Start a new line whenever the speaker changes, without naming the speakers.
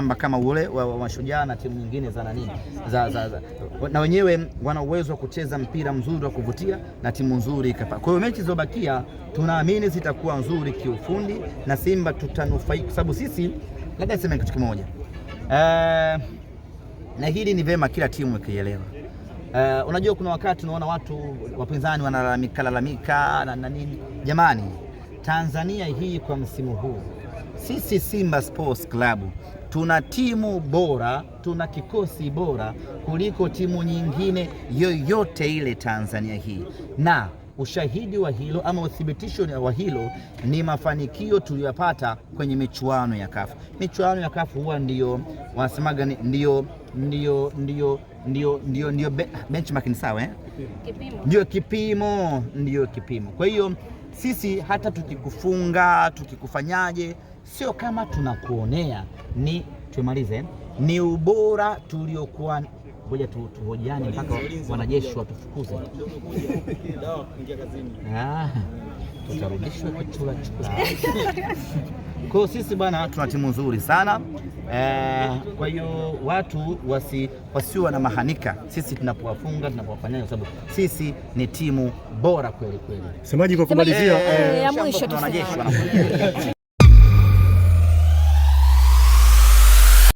mkataba kama ule wa, Mashujaa na timu nyingine za nani za, za, za, na wenyewe wana uwezo wa kucheza mpira mzuri wa kuvutia na timu nzuri. Kwa hiyo mechi zilizobakia tunaamini zitakuwa nzuri kiufundi na Simba tutanufaika, kwa sababu sisi, labda niseme kitu kimoja uh, na hili ni vema kila timu ikielewa. Uh, unajua kuna wakati unaona watu wapinzani wanalalamika lalamika na nini. Jamani, Tanzania hii kwa msimu huu sisi Simba Sports Club tuna timu bora, tuna kikosi bora kuliko timu nyingine yoyote ile Tanzania hii, na ushahidi wa hilo ama uthibitisho wa hilo ni mafanikio tuliyopata kwenye michuano ya kafu. Michuano ya kafu huwa ndio wanasemaga ndio, ndio, ndiyo, ndio, ndio, ndio benchmark ni sawa eh? Kipimo. Ndiyo kipimo, ndiyo kipimo, kwa hiyo sisi hata tukikufunga tukikufanyaje, sio kama tunakuonea, ni tumalize, ni ubora tuliokuwa ngoja tu, tuhojani mpaka wanajeshi watufukuze. Ah, tutarudishwa kichula chula. Kwa sisi bwana, tuna timu nzuri sana eh. Kwa hiyo watu wasi wasiwa na mahanika sisi tunapowafunga tunapowafanya, kwa sababu sisi ni timu bora kweli kweli.
Semaji kwa kumalizia, eh, eh.
ya mwisho tu